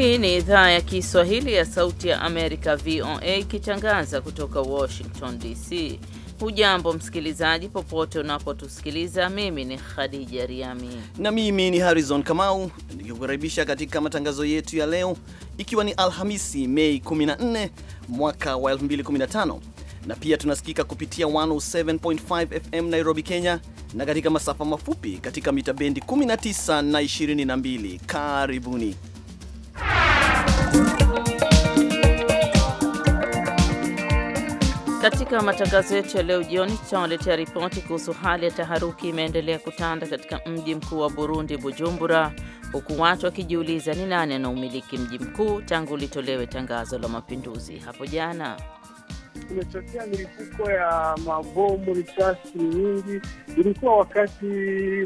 Hii ni idhaa ya Kiswahili ya Sauti ya Amerika, VOA, ikitangaza kutoka Washington DC. Hujambo msikilizaji, popote unapotusikiliza. Mimi ni Khadija Riami na mimi ni Harrison Kamau, nikikukaribisha katika matangazo yetu ya leo, ikiwa ni Alhamisi Mei 14 mwaka wa 2015 na pia tunasikika kupitia 107.5 FM Nairobi, Kenya, na katika masafa mafupi katika mita bendi 19 na 22. Karibuni. Katika matangazo yetu ya leo jioni tutawaletea ripoti kuhusu hali ya taharuki imeendelea kutanda katika mji mkuu wa Burundi, Bujumbura, huku watu wakijiuliza ni nani anaumiliki mji mkuu tangu litolewe tangazo la mapinduzi hapo jana kumetokea milipuko ya mabomu, risasi nyingi. Ilikuwa wakati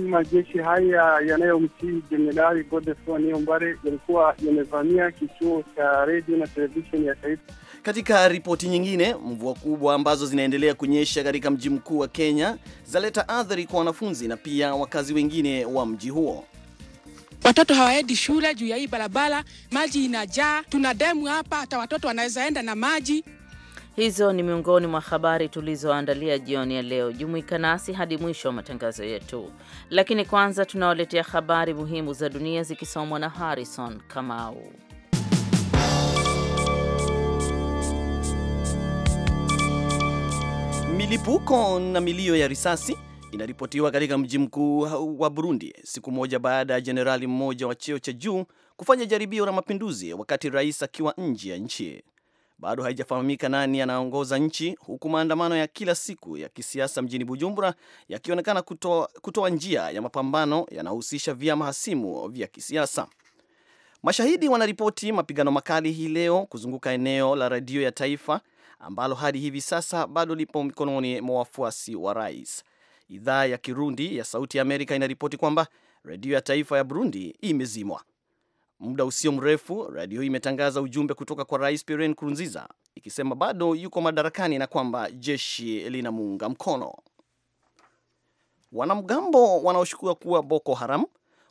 majeshi haya yanayomtii Jenerali Godefroid Niyombare yalikuwa yamevamia kituo cha redio na televisheni ya taifa. Katika ripoti nyingine, mvua kubwa ambazo zinaendelea kunyesha katika mji mkuu wa Kenya zaleta athari kwa wanafunzi na pia wakazi wengine wa mji huo. Watoto hawaendi shule juu ya hii barabara, maji inajaa. Tuna demu hapa, hata watoto wanaweza enda na maji. Hizo ni miongoni mwa habari tulizoandalia jioni ya leo. Jumuika nasi hadi mwisho wa matangazo yetu, lakini kwanza tunawaletea habari muhimu za dunia zikisomwa na Harrison Kamau. Milipuko na milio ya risasi inaripotiwa katika mji mkuu wa Burundi siku moja baada ya jenerali mmoja wa cheo cha juu kufanya jaribio la mapinduzi wakati rais akiwa nje ya nchi bado haijafahamika nani anaongoza nchi, huku maandamano ya kila siku ya kisiasa mjini Bujumbura yakionekana kutoa, kutoa njia ya mapambano yanahusisha vyama hasimu vya kisiasa. Mashahidi wanaripoti mapigano makali hii leo kuzunguka eneo la redio ya taifa ambalo hadi hivi sasa bado lipo mikononi mwa wafuasi wa rais. Idhaa ya Kirundi ya Sauti ya Amerika inaripoti kwamba redio ya taifa ya Burundi imezimwa. Muda usio mrefu radio hii imetangaza ujumbe kutoka kwa rais Pierre Nkurunziza ikisema bado yuko madarakani na kwamba jeshi linamuunga mkono. Wanamgambo wanaoshukiwa kuwa Boko Haram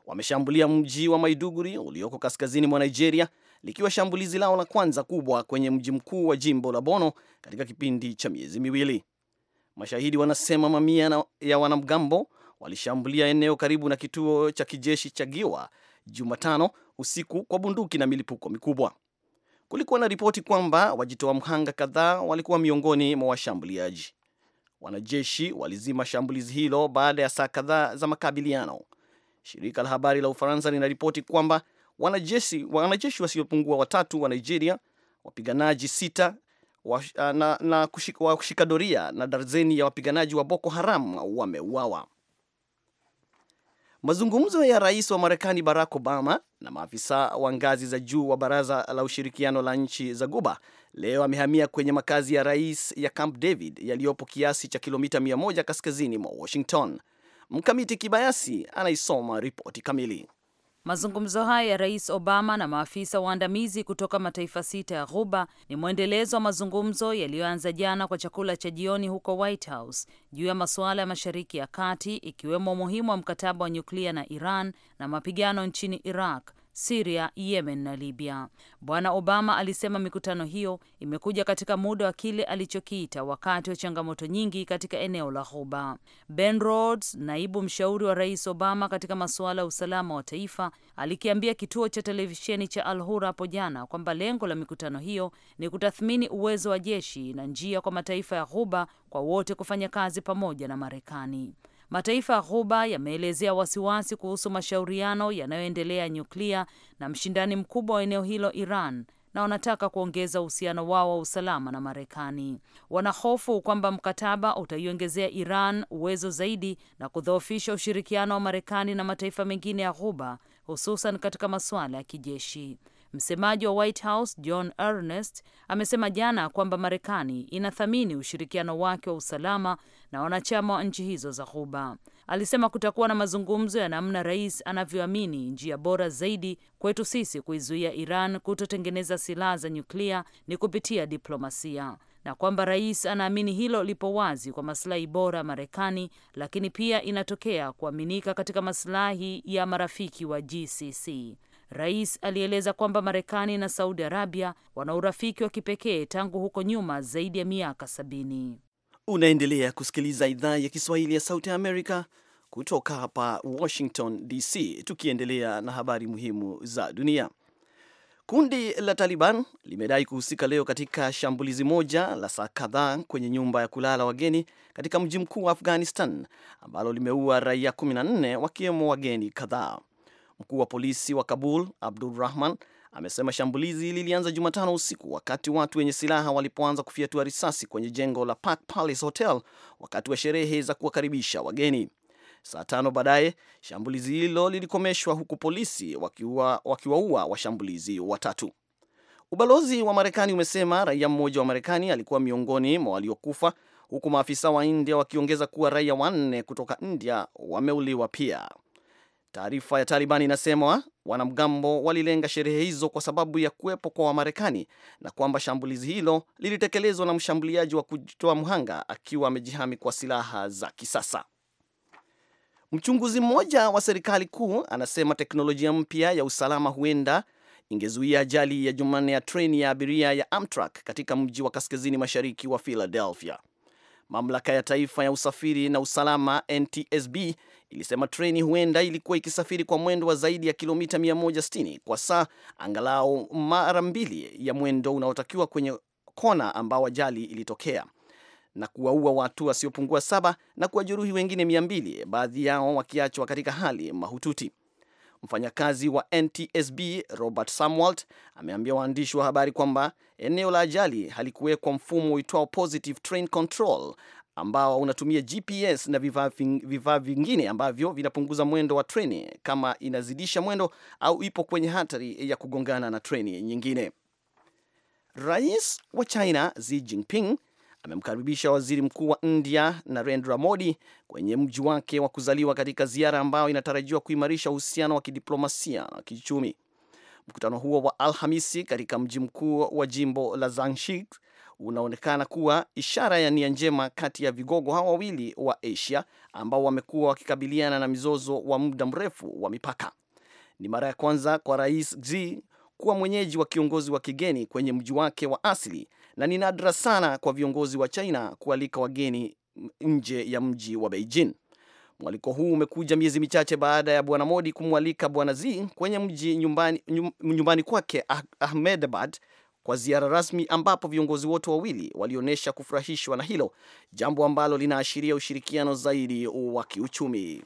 wameshambulia mji wa Maiduguri ulioko kaskazini mwa Nigeria, likiwa shambulizi lao la kwanza kubwa kwenye mji mkuu wa jimbo la Bono katika kipindi cha miezi miwili. Mashahidi wanasema mamia ya wanamgambo walishambulia eneo karibu na kituo cha kijeshi cha Giwa Jumatano usiku kwa bunduki na milipuko mikubwa. Kulikuwa na ripoti kwamba wajitoa mhanga kadhaa walikuwa miongoni mwa washambuliaji. Wanajeshi walizima shambulizi hilo baada ya saa kadhaa za makabiliano. Shirika la habari la Ufaransa linaripoti kwamba wanajeshi, wanajeshi wasiopungua watatu wa Nigeria, wapiganaji sita wa, na, na kushika, wa kushika doria na darzeni ya wapiganaji wa Boko Haram wameuawa. Mazungumzo ya rais wa Marekani Barack Obama na maafisa wa ngazi za juu wa Baraza la Ushirikiano la Nchi za Guba leo amehamia kwenye makazi ya rais ya Camp David yaliyopo kiasi cha kilomita 100 kaskazini mwa Washington. Mkamiti Kibayasi anaisoma ripoti kamili. Mazungumzo haya ya Rais Obama na maafisa waandamizi kutoka mataifa sita ya Ghuba ni mwendelezo wa mazungumzo yaliyoanza jana kwa chakula cha jioni huko White House juu ya masuala ya Mashariki ya Kati, ikiwemo umuhimu wa mkataba wa nyuklia na Iran na mapigano nchini Iraq Siria, Yemen na Libya. Bwana Obama alisema mikutano hiyo imekuja katika muda wa kile alichokiita wakati wa changamoto nyingi katika eneo la Ghuba. Ben Rhodes, naibu mshauri wa rais Obama katika masuala ya usalama wa taifa, alikiambia kituo cha televisheni cha Al Hura hapo jana kwamba lengo la mikutano hiyo ni kutathmini uwezo wa jeshi na njia kwa mataifa ya Ghuba kwa wote kufanya kazi pamoja na Marekani. Mataifa ya Ghuba yameelezea wasiwasi kuhusu mashauriano yanayoendelea nyuklia na mshindani mkubwa wa eneo hilo Iran na wanataka kuongeza uhusiano wao wa usalama na Marekani. Wanahofu kwamba mkataba utaiongezea Iran uwezo zaidi na kudhoofisha ushirikiano wa Marekani na mataifa mengine ya Ghuba, hususan katika masuala ya kijeshi. Msemaji wa White House John Ernest amesema jana kwamba Marekani inathamini ushirikiano wake wa usalama na wanachama wa nchi hizo za Ghuba. Alisema kutakuwa na mazungumzo ya namna rais anavyoamini njia bora zaidi kwetu sisi kuizuia Iran kutotengeneza silaha za nyuklia ni kupitia diplomasia na kwamba rais anaamini hilo lipo wazi kwa masilahi bora ya Marekani, lakini pia inatokea kuaminika katika masilahi ya marafiki wa GCC. Rais alieleza kwamba Marekani na Saudi Arabia wana urafiki wa kipekee tangu huko nyuma zaidi ya miaka sabini. Unaendelea kusikiliza idhaa ya Kiswahili ya Sauti ya Amerika kutoka hapa Washington DC, tukiendelea na habari muhimu za dunia. Kundi la Taliban limedai kuhusika leo katika shambulizi moja la saa kadhaa kwenye nyumba ya kulala wageni katika mji mkuu wa Afghanistan ambalo limeua raia 14 wakiwemo wageni kadhaa. Mkuu wa polisi wa Kabul Abdul Rahman amesema shambulizi lilianza Jumatano usiku wakati watu wenye silaha walipoanza kufyatua risasi kwenye jengo la Park Palace Hotel wakati wa sherehe za kuwakaribisha wageni. Saa tano baadaye shambulizi hilo lilikomeshwa huku polisi wakiwaua wakiwa washambulizi watatu. Ubalozi wa Marekani umesema raia mmoja wa Marekani alikuwa miongoni mwa waliokufa, huku maafisa wa India wakiongeza kuwa raia wanne kutoka India wameuliwa pia. Taarifa ya Taliban inasema wanamgambo walilenga sherehe hizo kwa sababu ya kuwepo kwa Wamarekani na kwamba shambulizi hilo lilitekelezwa na mshambuliaji wa kujitoa mhanga akiwa amejihami kwa silaha za kisasa. Mchunguzi mmoja wa serikali kuu anasema teknolojia mpya ya usalama huenda ingezuia ajali ya Jumanne ya treni ya abiria ya Amtrak katika mji wa kaskazini mashariki wa Philadelphia. Mamlaka ya Taifa ya Usafiri na Usalama NTSB ilisema treni huenda ilikuwa ikisafiri kwa mwendo wa zaidi ya kilomita 160 kwa saa, angalau mara mbili ya mwendo unaotakiwa kwenye kona ambao ajali ilitokea na kuwaua watu wasiopungua saba na kuwajeruhi wengine 200, baadhi yao wakiachwa katika hali mahututi. Mfanyakazi wa NTSB Robert Samwalt ameambia waandishi wa habari kwamba eneo la ajali halikuwekwa mfumo uitwao positive train control ambao unatumia GPS na vifaa vingine ambavyo vinapunguza mwendo wa treni kama inazidisha mwendo au ipo kwenye hatari ya kugongana na treni nyingine. Rais wa China Xi Jinping amemkaribisha waziri mkuu wa India Narendra Modi kwenye mji wake wa kuzaliwa katika ziara ambayo inatarajiwa kuimarisha uhusiano wa kidiplomasia na kiuchumi. Mkutano huo wa Alhamisi katika mji mkuu wa jimbo la Zanshik unaonekana kuwa ishara ya nia njema kati ya vigogo hawa wawili wa Asia ambao wamekuwa wakikabiliana na mizozo wa muda mrefu wa mipaka. Ni mara ya kwanza kwa Rais Xi kuwa mwenyeji wa kiongozi wa kigeni kwenye mji wake wa asili na ni nadra sana kwa viongozi wa China kualika wageni nje ya mji wa Beijing. Mwaliko huu umekuja miezi michache baada ya Bwana Modi kumwalika Bwana Xi kwenye mji nyumbani, nyumbani kwake Ahmedabad kwa ziara rasmi ambapo viongozi wote wawili walionyesha kufurahishwa na hilo, jambo ambalo linaashiria ushirikiano zaidi wa kiuchumi.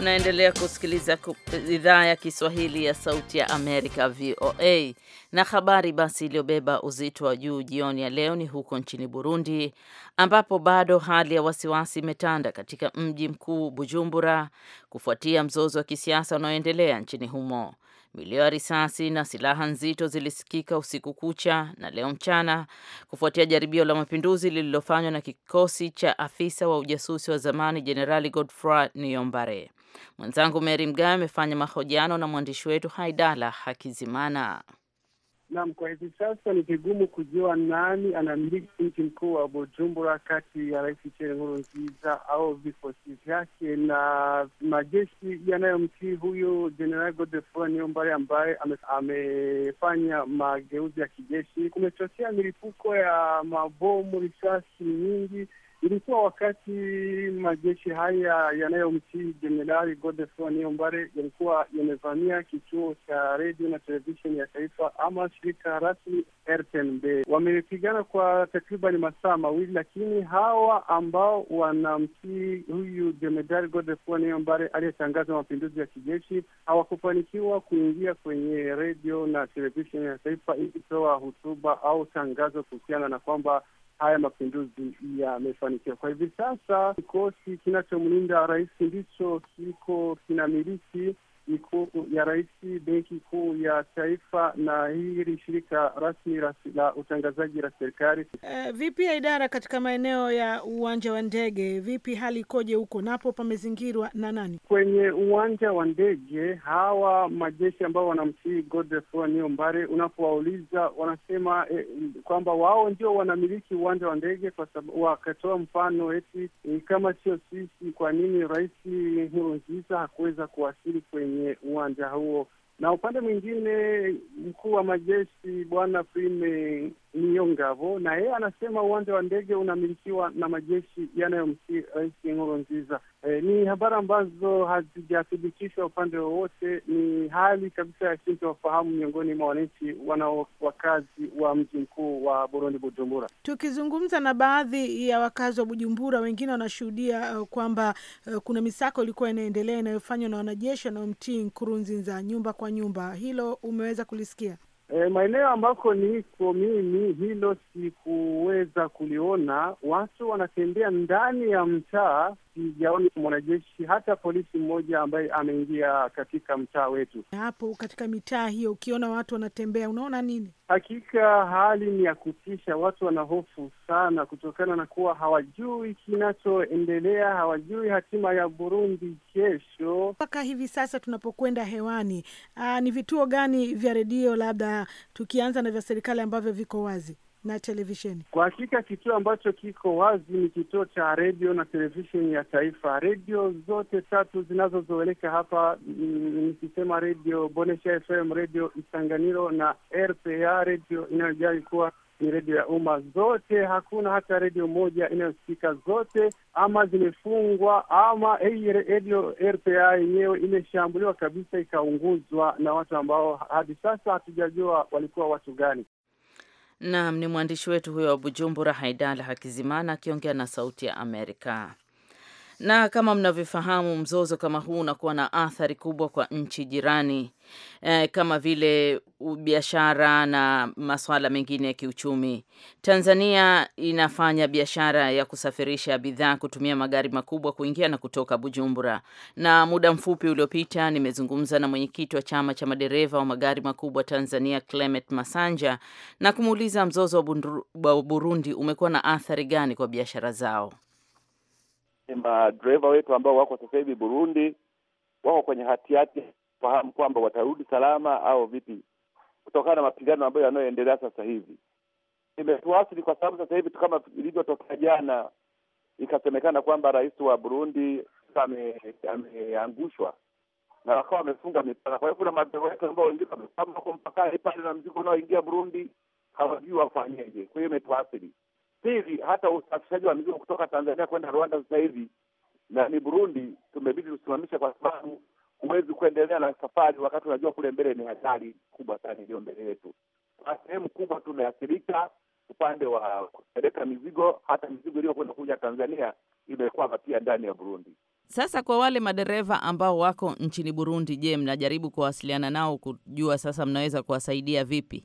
Unaendelea kusikiliza idhaa ya Kiswahili ya Sauti ya Amerika, VOA. Na habari basi iliyobeba uzito wa juu jioni ya leo ni huko nchini Burundi, ambapo bado hali ya wasiwasi imetanda katika mji mkuu Bujumbura kufuatia mzozo wa kisiasa unaoendelea nchini humo. Milio ya risasi na silaha nzito zilisikika usiku kucha na leo mchana kufuatia jaribio la mapinduzi lililofanywa na kikosi cha afisa wa ujasusi wa zamani Jenerali Godfrey Niyombare. Mwenzangu Meri Mgawe amefanya mahojiano na mwandishi wetu Haidala Hakizimana. Naam, kwa hivi sasa ni vigumu kujua nani anamiliki mji mkuu wa Bujumbura kati ya Rais Pierre Nkurunziza au vikosi vyake na majeshi yanayomtii huyu General Godefroid Niyombare ambaye ame, amefanya mageuzi ya kijeshi. Kumechochea milipuko ya mabomu, risasi nyingi Ilikuwa wakati majeshi haya yanayomtii Jenerali Godefroid Niyombare yalikuwa yamevamia kituo cha redio na televisheni ya taifa ama shirika rasmi RTNB. Wamepigana kwa takriban masaa mawili, lakini hawa ambao wanamtii huyu Jenerali Godefroid Niyombare aliyetangaza mapinduzi ya kijeshi hawakufanikiwa kuingia kwenye redio na televisheni ya taifa ili kutoa hutuba au tangazo kuhusiana na kwamba haya mapinduzi yamefanikiwa. Kwa hivi sasa kikosi kinachomlinda rais ndicho kiko kinamiliki ikuu ya rais, benki kuu ya taifa na hili shirika rasmi la utangazaji la serikali. Uh, vipi ya idara katika maeneo ya uwanja wa ndege, vipi hali ikoje huko? Napo pamezingirwa na nani? Kwenye uwanja wa ndege, hawa majeshi ambao wanamtii Godefroid Niyombare, unapowauliza wanasema eh, kwamba wao ndio wanamiliki uwanja wa ndege, kwa sababu wakatoa mfano eti eh, kama sio sisi, kwa nini rais Nkurunziza hakuweza kuwasili kwenye kwenye uwanja huo, na upande mwingine mkuu wa majeshi bwana Frime Niyongabo na yeye anasema uwanja wa ndege unamilikiwa na majeshi yanayomsii Rais Ng'olo Nziza. E, ni habari ambazo hazijathibitishwa upande wowote. Ni hali kabisa ya sintofahamu miongoni mwa wananchi wakazi wa mji mkuu wa Burundi, Bujumbura. Tukizungumza na baadhi ya wakazi wa Bujumbura, wengine wanashuhudia uh, kwamba uh, kuna misako ilikuwa inaendelea inayofanywa na wanajeshi wanaomtii Nkurunziza nyumba kwa nyumba. Hilo umeweza kulisikia? E, maeneo ambako niko mimi hilo sikuweza kuliona. Watu wanatembea ndani ya mtaa sijaona mwanajeshi hata polisi mmoja ambaye ameingia katika mtaa wetu. Hapo katika mitaa hiyo, ukiona watu wanatembea, unaona nini? Hakika hali ni ya kutisha, watu wanahofu sana kutokana na kuwa hawajui kinachoendelea, hawajui hatima ya Burundi kesho. Mpaka hivi sasa tunapokwenda hewani, aa, ah, ni vituo gani vya redio, labda tukianza na vya serikali ambavyo viko wazi? na televisheni? Kwa hakika kituo ambacho kiko wazi ni kituo cha redio na televisheni ya taifa. Redio zote tatu zinazozoeleka hapa nikisema redio Bonesha FM, redio Isanganiro na RPA, redio inayojali kuwa ni redio ya umma zote. Hakuna hata redio moja inayosikika, zote ama zimefungwa ama hii redio RPA yenyewe imeshambuliwa kabisa, ikaunguzwa na watu ambao hadi sasa hatujajua walikuwa watu gani. Naam, ni mwandishi wetu huyo wa Bujumbura, Haidala Hakizimana akiongea na Sauti ya Amerika na kama mnavyofahamu mzozo kama huu unakuwa na athari kubwa kwa nchi jirani e, kama vile biashara na masuala mengine ya kiuchumi. Tanzania inafanya biashara ya kusafirisha bidhaa kutumia magari makubwa kuingia na kutoka Bujumbura, na muda mfupi uliopita nimezungumza na mwenyekiti wa chama cha madereva wa magari makubwa Tanzania, Clement Masanja, na kumuuliza mzozo wa Burundi umekuwa na athari gani kwa biashara zao madereva wetu ambao wako sasa hivi Burundi wako kwenye hatihati fahamu kwamba watarudi salama au vipi, kutokana na mapigano ambayo yanayoendelea sasa hivi. imetuasili kwa sababu sasa hivi kama ilivyotokea jana, ikasemekana kwamba rais wa Burundi ameangushwa na wakawa wamefunga mipaka. Kwa hiyo kuna madereva wetu ambao wengine wamekwama wako mpakani pale na mzigo unaoingia Burundi hawajui wafanyeje. Kwa hiyo imetuasiri hivi hata usafirishaji wa mizigo kutoka Tanzania kwenda Rwanda sasa hivi na ni Burundi tumebidi tusimamisha, kwa sababu huwezi kuendelea na safari wakati unajua kule mbele ni hatari kubwa sana iliyo mbele yetu. kwa sehemu kubwa tumeathirika upande wa kupeleka mizigo, hata mizigo iliyokwenda kuja Tanzania imekwama pia ndani ya Burundi. Sasa kwa wale madereva ambao wako nchini Burundi, je, mnajaribu kuwasiliana nao kujua sasa mnaweza kuwasaidia vipi?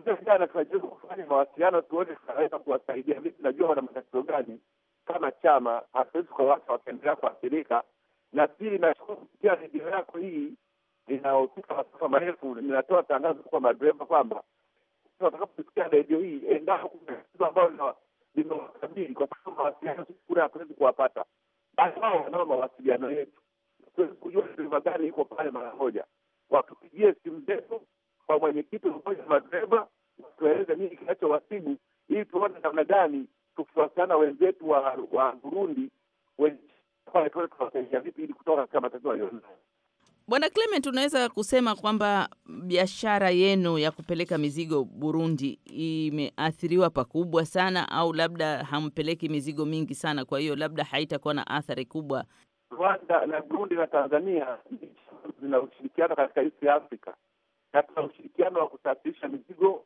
kuambia vijana tunajaribu kufanya mawasiliano, tuone tunaweza kuwasaidia vipi, tunajua wana matatizo gani kama chama. Hatuwezi kuwawacha wakaendelea kuathirika. Na pili, nashukuru kupitia redio yako hii inayotuka masafa marefu, ninatoa tangazo kwa madereva kwamba watakaposikia redio hii, endapo kuna tatizo ambalo limewakabili, kwa sababu mawasiliano kura hatuwezi kuwapata, basi wao wanao mawasiliano yetu, tuwezi kujua dereva gani iko pale mara moja, watupigie simu zetu kwa mwenyekiti mmoja madereva, watueleze nini kinachowasibu, ili tuone namna gani tukiwasiliana wenzetu wa wa Burundi tunawasaidia vipi ili kutoka katika matatizo aliyonayo. Bwana Clement, unaweza kusema kwamba biashara yenu ya kupeleka mizigo Burundi imeathiriwa pakubwa sana, au labda hampeleki mizigo mingi sana, kwa hiyo labda haitakuwa na athari kubwa? Rwanda na Burundi na Tanzania nchi zinazoshirikiana katika East Africa katika ushirikiano wa kusafirisha mizigo.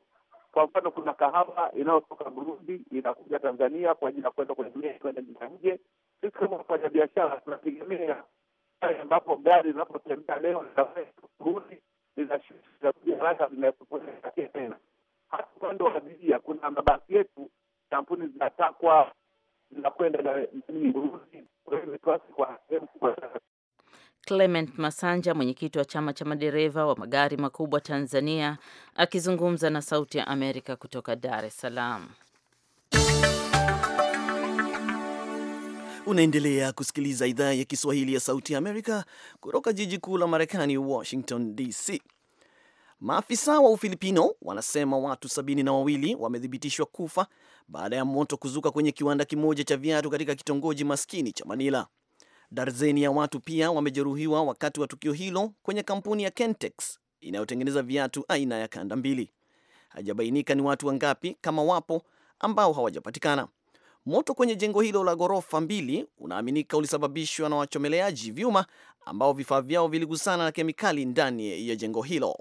Kwa mfano, kuna kahawa inayotoka Burundi inakuja Tanzania kwa ajili ya kuenda kwenye kwenda nje. Sisi kama biashara tunategemea pale ambapo gari linapotembea leo Burundi linakuja haraka tena. Hata upande wa abiria, kuna mabasi yetu kampuni zinatakwa zinakwenda na nini Burundi. Kwa hiyo kwa sehemu kubwa sana Clement Masanja, mwenyekiti wa chama cha madereva wa magari makubwa Tanzania, akizungumza na Sauti ya Amerika kutoka Dar es Salaam. Unaendelea kusikiliza idhaa ya Kiswahili ya Sauti ya Amerika kutoka jiji kuu la Marekani, Washington DC. Maafisa wa Ufilipino wanasema watu sabini na wawili wamethibitishwa kufa baada ya moto kuzuka kwenye kiwanda kimoja cha viatu katika kitongoji maskini cha Manila. Darzeni ya watu pia wamejeruhiwa wakati wa tukio hilo kwenye kampuni ya Kentex inayotengeneza viatu aina ya kanda mbili. Hajabainika ni watu wangapi, kama wapo, ambao hawajapatikana. Moto kwenye jengo hilo la ghorofa mbili unaaminika ulisababishwa na wachomeleaji vyuma ambao vifaa vyao viligusana na kemikali ndani ya jengo hilo.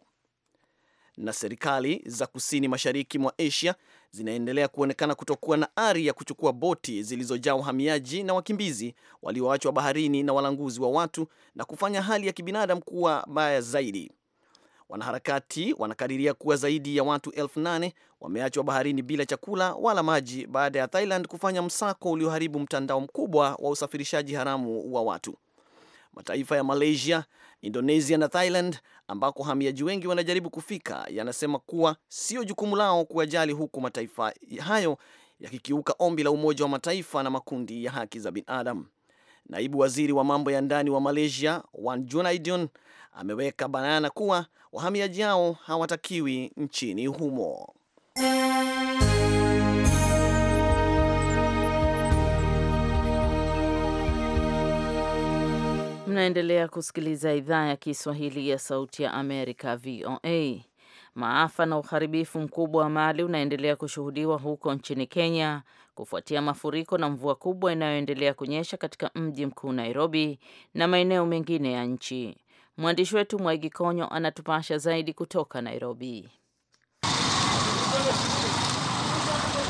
Na serikali za kusini mashariki mwa Asia zinaendelea kuonekana kutokuwa na ari ya kuchukua boti zilizojaa wahamiaji na wakimbizi walioachwa baharini na walanguzi wa watu na kufanya hali ya kibinadamu kuwa mbaya zaidi. Wanaharakati wanakadiria kuwa zaidi ya watu elfu nane wameachwa baharini bila chakula wala maji baada ya Thailand kufanya msako ulioharibu mtandao mkubwa wa usafirishaji haramu wa watu. Mataifa ya Malaysia, Indonesia na Thailand ambako wahamiaji wengi wanajaribu kufika yanasema kuwa sio jukumu lao kuajali huku mataifa hayo yakikiuka ombi la Umoja wa Mataifa na makundi ya haki za binadamu. Naibu waziri wa mambo ya ndani wa Malaysia Wan Junaidon ameweka bayana kuwa wahamiaji hao hawatakiwi nchini humo. Mnaendelea kusikiliza idhaa ya Kiswahili ya Sauti ya Amerika, VOA. Maafa na uharibifu mkubwa wa mali unaendelea kushuhudiwa huko nchini Kenya kufuatia mafuriko na mvua kubwa inayoendelea kunyesha katika mji mkuu Nairobi na maeneo mengine ya nchi. Mwandishi wetu Mwaigi Konyo anatupasha zaidi kutoka Nairobi.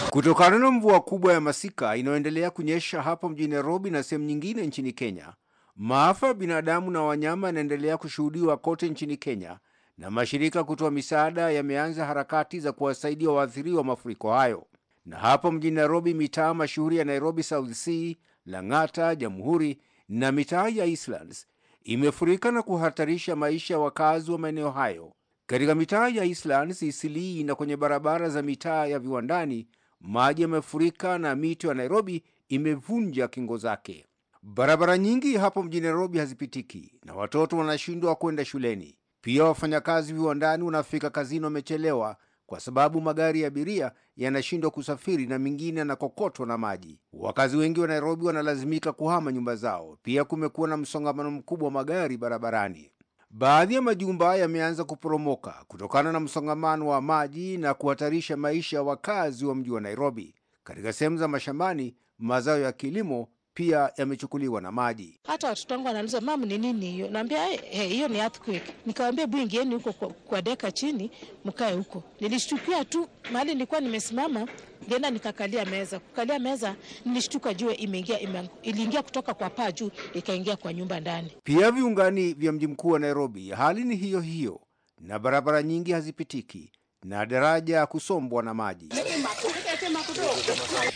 Kutokana na mvua kubwa ya masika inayoendelea kunyesha hapo mjini Nairobi na sehemu nyingine nchini Kenya, Maafa ya binadamu na wanyama yanaendelea kushuhudiwa kote nchini Kenya na mashirika kutoa misaada yameanza harakati za kuwasaidia waathiriwa wa mafuriko hayo. Na hapo mjini Nairobi, mitaa mashuhuri ya Nairobi South C, Lang'ata, Jamhuri na mitaa ya Eastlands imefurika na kuhatarisha maisha ya wakazi wa maeneo hayo. Katika mitaa ya Eastlands, Isilii na kwenye barabara za mitaa ya viwandani, maji yamefurika na mito ya Nairobi imevunja kingo zake. Barabara nyingi hapo mjini Nairobi hazipitiki na watoto wanashindwa kwenda shuleni. Pia wafanyakazi viwandani wanafika kazini wamechelewa kwa sababu magari ya abiria yanashindwa kusafiri na mingine yanakokotwa na maji. Wakazi wengi wa Nairobi wanalazimika kuhama nyumba zao. Pia kumekuwa na msongamano mkubwa wa magari barabarani. Baadhi ya majumba yameanza kuporomoka kutokana na msongamano wa maji na kuhatarisha maisha ya wakazi wa mji wa Nairobi. Katika sehemu za mashambani, mazao ya kilimo pia yamechukuliwa na maji. Hata watoto wangu wanauliza mamu, ni nini hiyo? Naambia eh, eh, hiyo ni earthquake. Nikawambia bwingieni huko kwa, kwa deka chini mkae huko. Nilishtukia tu mahali nilikuwa nimesimama, ngeenda nikakalia meza. Kukalia meza nilishtuka jua imeingia, iliingia kutoka kwa paa juu ikaingia kwa nyumba ndani. Pia viungani vya mji mkuu wa Nairobi hali ni hiyo hiyo, na barabara nyingi hazipitiki na daraja kusombwa na maji.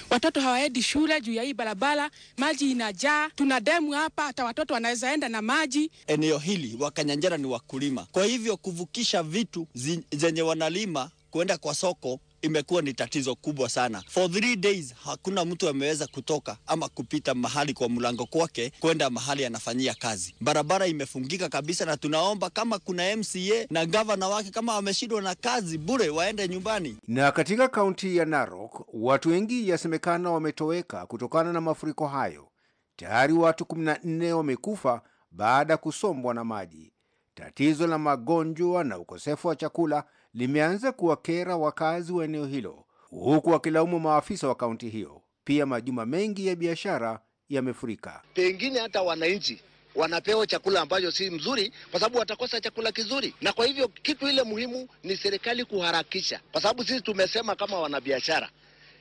Watoto hawaendi shule juu ya hii barabara, maji inajaa, tuna demu hapa, hata watoto wanaweza enda na maji. Eneo hili Wakanyanjara ni wakulima, kwa hivyo kuvukisha vitu zenye wanalima kuenda kwa soko imekuwa ni tatizo kubwa sana. For three days hakuna mtu ameweza kutoka ama kupita mahali kwa mlango kwake kwenda mahali anafanyia kazi. Barabara imefungika kabisa, na tunaomba kama kuna MCA na gavana wake kama wameshindwa na kazi bure, waende nyumbani. Na katika kaunti ya Narok watu wengi yasemekana wametoweka kutokana na mafuriko hayo. Tayari watu 14 wamekufa baada ya kusombwa na maji. Tatizo la magonjwa na ukosefu wa chakula limeanza kuwakera wakazi wa eneo hilo huku wakilaumu maafisa wa kaunti hiyo. Pia majumba mengi ya biashara yamefurika, pengine hata wananchi wanapewa chakula ambacho si mzuri, kwa sababu watakosa chakula kizuri. Na kwa hivyo kitu ile muhimu ni serikali kuharakisha, kwa sababu sisi tumesema kama wanabiashara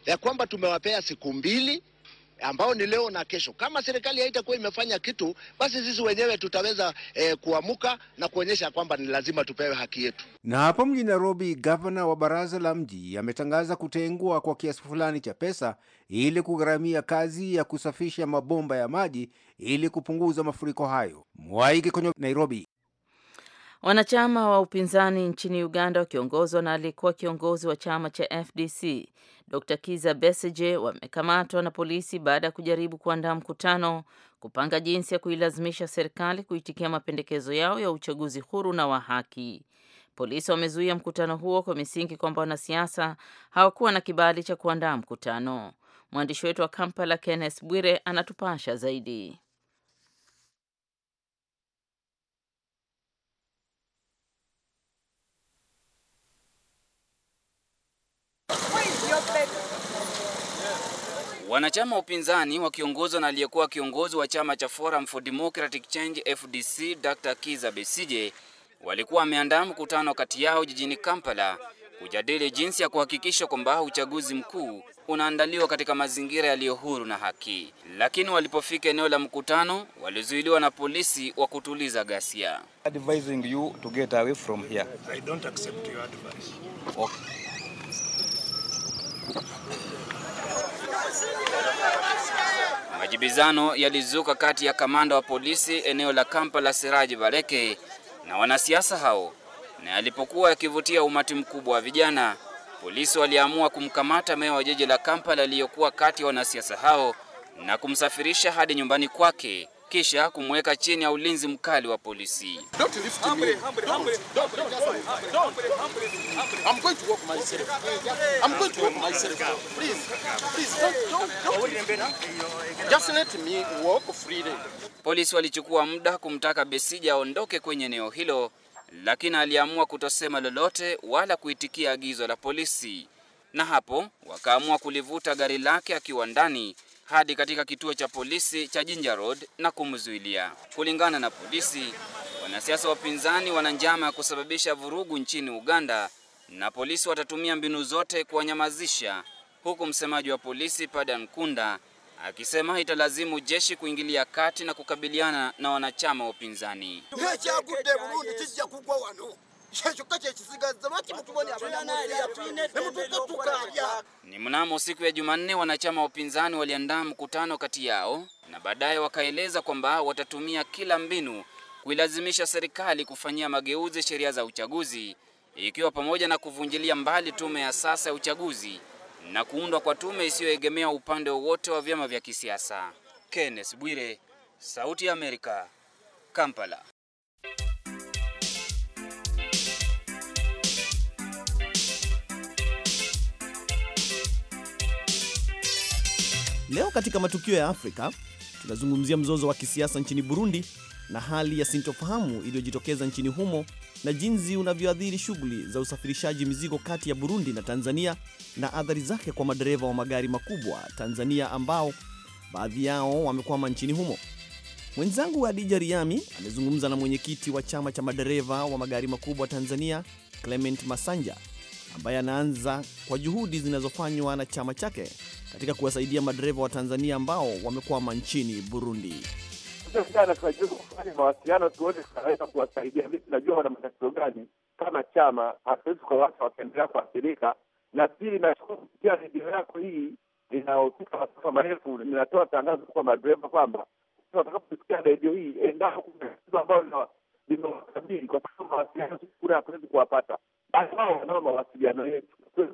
ya kwamba tumewapea siku mbili ambao ni leo na kesho. Kama serikali haitakuwa imefanya kitu, basi sisi wenyewe tutaweza eh, kuamuka na kuonyesha kwamba ni lazima tupewe haki yetu. Na hapo mjini Nairobi, gavana wa baraza la mji ametangaza kutengwa kwa kiasi fulani cha pesa ili kugharamia kazi ya kusafisha mabomba ya maji ili kupunguza mafuriko hayo. Mwaiki kwenye Nairobi. Wanachama wa upinzani nchini Uganda wakiongozwa na aliyekuwa kiongozi wa chama cha FDC Dr. Kiza Besigye wamekamatwa na polisi baada ya kujaribu kuandaa mkutano kupanga jinsi ya kuilazimisha serikali kuitikia mapendekezo yao ya uchaguzi huru na wa haki. Polisi wamezuia mkutano huo kwa misingi kwamba wanasiasa hawakuwa na kibali cha kuandaa mkutano. Mwandishi wetu wa Kampala Kenneth Bwire anatupasha zaidi. Wanachama wa upinzani wakiongozwa na aliyekuwa kiongozi wa chama cha Forum for Democratic Change FDC Dr. Kiza Besije walikuwa wameandaa mkutano kati yao jijini Kampala kujadili jinsi ya kuhakikisha kwamba uchaguzi mkuu unaandaliwa katika mazingira yaliyo huru na haki, lakini walipofika eneo la mkutano walizuiliwa na polisi wa kutuliza ghasia. Majibizano yalizuka kati ya kamanda wa polisi eneo la Kampala Siraji Baleke na wanasiasa hao, na yalipokuwa yakivutia umati mkubwa wa vijana, polisi waliamua kumkamata meya wa jiji la Kampala aliyokuwa kati ya wanasiasa hao na kumsafirisha hadi nyumbani kwake kisha kumweka chini ya ulinzi mkali wa polisi. Polisi walichukua muda kumtaka Besija aondoke kwenye eneo hilo, lakini aliamua kutosema lolote wala kuitikia agizo la polisi, na hapo wakaamua kulivuta gari lake akiwa ndani hadi katika kituo cha polisi cha Jinja Road na kumzuilia. Kulingana na polisi, wanasiasa wapinzani wana njama ya kusababisha vurugu nchini Uganda na polisi watatumia mbinu zote kuwanyamazisha, huku msemaji wa polisi Padan Kunda akisema italazimu jeshi kuingilia kati na kukabiliana na wanachama wa upinzani. Ni mnamo siku ya Jumanne wanachama wa upinzani waliandaa mkutano kati yao na baadaye wakaeleza kwamba watatumia kila mbinu kuilazimisha serikali kufanyia mageuzi sheria za uchaguzi ikiwa pamoja na kuvunjilia mbali tume ya sasa ya uchaguzi na kuundwa kwa tume isiyoegemea upande wowote wa vyama vya kisiasa. Kenneth Bwire, Sauti ya Amerika, Kampala. Leo katika matukio ya Afrika tunazungumzia mzozo wa kisiasa nchini Burundi na hali ya sintofahamu iliyojitokeza nchini humo na jinsi unavyoathiri shughuli za usafirishaji mizigo kati ya Burundi na Tanzania na athari zake kwa madereva wa magari makubwa Tanzania ambao baadhi yao wamekwama nchini humo. Mwenzangu Adija Riami amezungumza na mwenyekiti wa chama cha madereva wa magari makubwa Tanzania, Clement Masanja ambaye anaanza kwa juhudi zinazofanywa na chama chake katika kuwasaidia madereva wa Tanzania ambao wamekwama nchini Burundi. Vijana tunajua mawasiliano, tuone tunaweza kuwasaidia vipi. Najua wana matatizo gani kama chama, hatuwezi kuwaacha wakaendelea kuathirika. Na pili, nashukuru kupitia redio yako hii inaofika masafa marefu, ninatoa tangazo kwa madereva kwamba watakaposikia redio hii, endapo kuna tatizo ambalo limewakabili, kwa sababu mawasiliano hatuwezi kuwapata ambao wanao mawasiliano yetu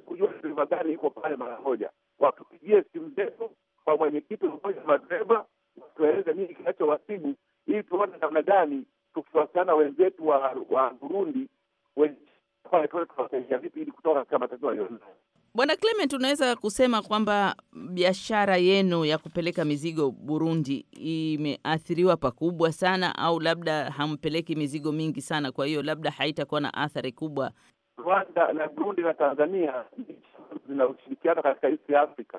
kujua dereva gari iko pale mara moja, watupigie simu zetu kwa mwenyekiti mmoja madereva, watueleze nini kinachowasibu ili tuone namna gani tukiwasiliana wenzetu wa, wa Burundi tunawasaidia vipi ili kutoka katika matatizo walionayo. Bwana Clement, unaweza kusema kwamba biashara yenu ya kupeleka mizigo Burundi imeathiriwa pakubwa sana, au labda hampeleki mizigo mingi sana, kwa hiyo labda haitakuwa na athari kubwa Rwanda na Burundi na Tanzania zina ushirikiano katika East Africa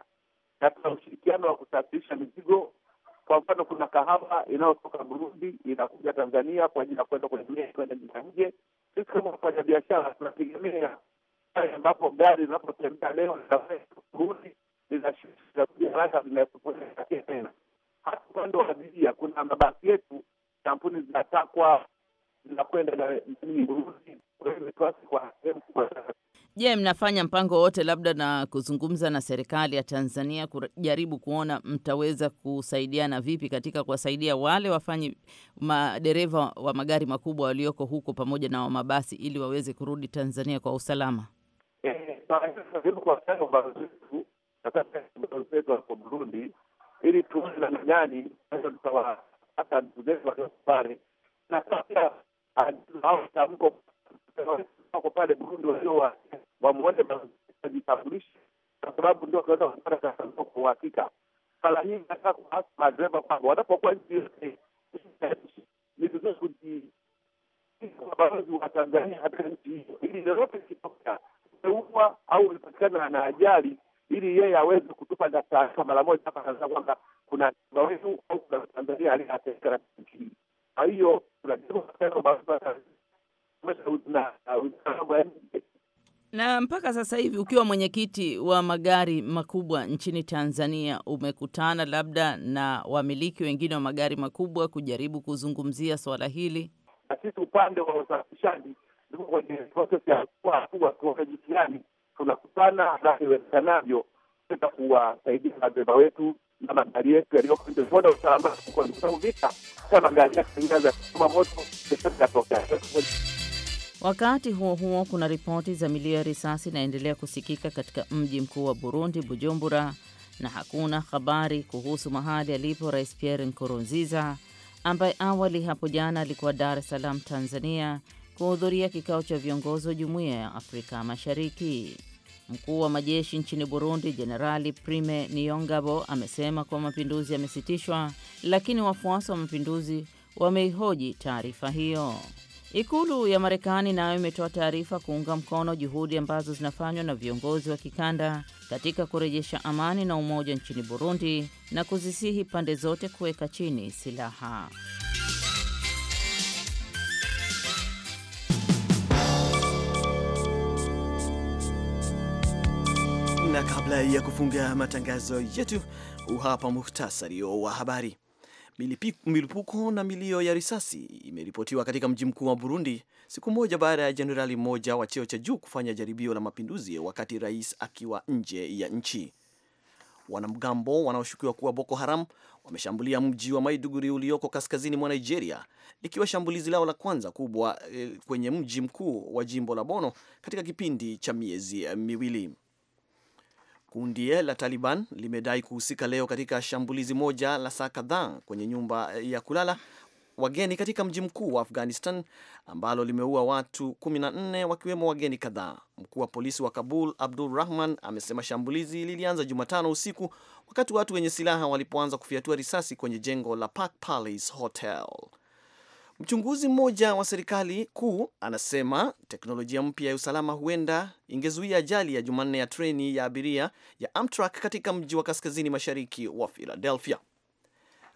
katika ushirikiano wa kusafirisha mizigo. Kwa mfano, kuna kahawa inayotoka Burundi inakuja Tanzania kwa ajili ya kwenda kwenye kwenda nje. Sisi kama biashara tunategemea pale ambapo gari zinapotembea leo Burundi zinakuja haraka zinapoelekea tena. Hata upande wa abiria kuna mabasi yetu kampuni zinatakwa na Kwa sehemu kubwa sana Je, yeah, mnafanya mpango wote labda na kuzungumza na serikali ya Tanzania kujaribu kuona mtaweza kusaidiana vipi katika kuwasaidia wale wafanyi madereva wa magari makubwa walioko huko pamoja na wa mabasi ili waweze kurudi Tanzania kwa usalama? Eh, Burundi ili tuone namna gani hata tamko wako pale Burundi walio wamuone wajitambulishe, kwa sababu ndio wanaweza kupata kwa uhakika. Swala hii nataka kuhasa madereva kwamba wanapokuwa nchi yote ni vizuri kuji mabalozi wa Tanzania katika nchi hiyo, ili lolote likitokea umeua au umepatikana na ajali, ili yeye aweze kutupa taarifa mara moja hapa Tanzania kwamba kuna wenu au kuna Tanzania aliyeathirika katika nchi hii. Kwa hiyo na mpaka sasa hivi ukiwa mwenyekiti wa magari makubwa nchini Tanzania, umekutana labda na wamiliki wengine wa magari makubwa kujaribu kuzungumzia swala hili? Na sisi upande wa usafirishaji tuko kwenye proses ya kuwa hatua kuoka jitihani, tunakutana na iwezekanavyo kuweza kuwasaidia madereva wetu na magari yetu usalama kwa sababu vita magari moto Wakati huo huo, kuna ripoti za milio ya risasi inaendelea kusikika katika mji mkuu wa Burundi, Bujumbura, na hakuna habari kuhusu mahali alipo Rais Pierre Nkurunziza ambaye awali hapo jana alikuwa Dar es Salaam, Tanzania, kuhudhuria kikao cha viongozi wa Jumuiya ya Afrika Mashariki. Mkuu wa majeshi nchini Burundi Jenerali Prime Niyongabo amesema kuwa mapinduzi yamesitishwa, lakini wafuasi wa mapinduzi wameihoji taarifa hiyo. Ikulu ya Marekani nayo imetoa taarifa kuunga mkono juhudi ambazo zinafanywa na viongozi wa kikanda katika kurejesha amani na umoja nchini Burundi na kuzisihi pande zote kuweka chini silaha. na kabla ya kufunga matangazo yetu, uhapa muhtasari wa habari. Milipuko na milio ya risasi imeripotiwa katika mji mkuu wa Burundi siku moja baada ya jenerali mmoja wa cheo cha juu kufanya jaribio la mapinduzi wakati rais akiwa nje ya nchi. Wanamgambo wanaoshukiwa kuwa Boko Haram wameshambulia mji wa Maiduguri ulioko kaskazini mwa Nigeria, likiwa shambulizi lao la kwanza kubwa eh, kwenye mji mkuu wa jimbo la Bono katika kipindi cha miezi eh, miwili. Kundi e la Taliban limedai kuhusika leo katika shambulizi moja la saa kadhaa kwenye nyumba ya kulala wageni katika mji mkuu wa Afghanistan ambalo limeua watu 14 wakiwemo wageni kadhaa. Mkuu wa polisi wa Kabul Abdul Rahman amesema shambulizi lilianza Jumatano usiku wakati watu wenye silaha walipoanza kufyatua risasi kwenye jengo la Park Palace Hotel. Mchunguzi mmoja wa serikali kuu anasema teknolojia mpya ya usalama huenda ingezuia ajali ya Jumanne ya treni ya abiria ya Amtrak katika mji wa kaskazini mashariki wa Philadelphia.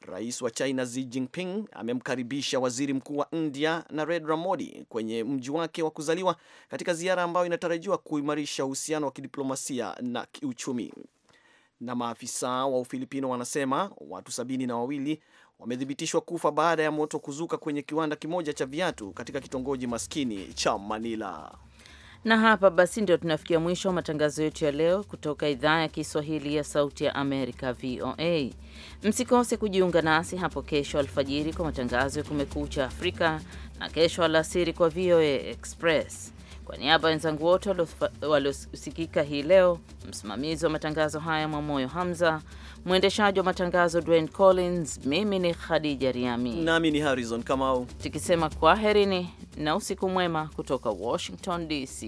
Rais wa China Xi Jinping amemkaribisha waziri mkuu wa India Narendra Modi kwenye mji wake wa kuzaliwa katika ziara ambayo inatarajiwa kuimarisha uhusiano wa kidiplomasia na kiuchumi. Na maafisa wa Ufilipino wanasema watu sabini na wawili wamethibitishwa kufa baada ya moto kuzuka kwenye kiwanda kimoja cha viatu katika kitongoji maskini cha Manila. Na hapa basi ndio tunafikia mwisho wa matangazo yetu ya leo kutoka idhaa ya Kiswahili ya Sauti ya Amerika, VOA. Msikose kujiunga nasi hapo kesho alfajiri kwa matangazo ya Kumekucha Afrika na kesho alasiri kwa VOA Express. Kwa niaba ya wenzangu wote waliosikika hii leo, msimamizi wa matangazo haya Mwamoyo Hamza, mwendeshaji wa matangazo Dwayne Collins, mimi ni Khadija Riami nami ni Harrison Kamau, tukisema kwaherini na usiku mwema kutoka Washington DC.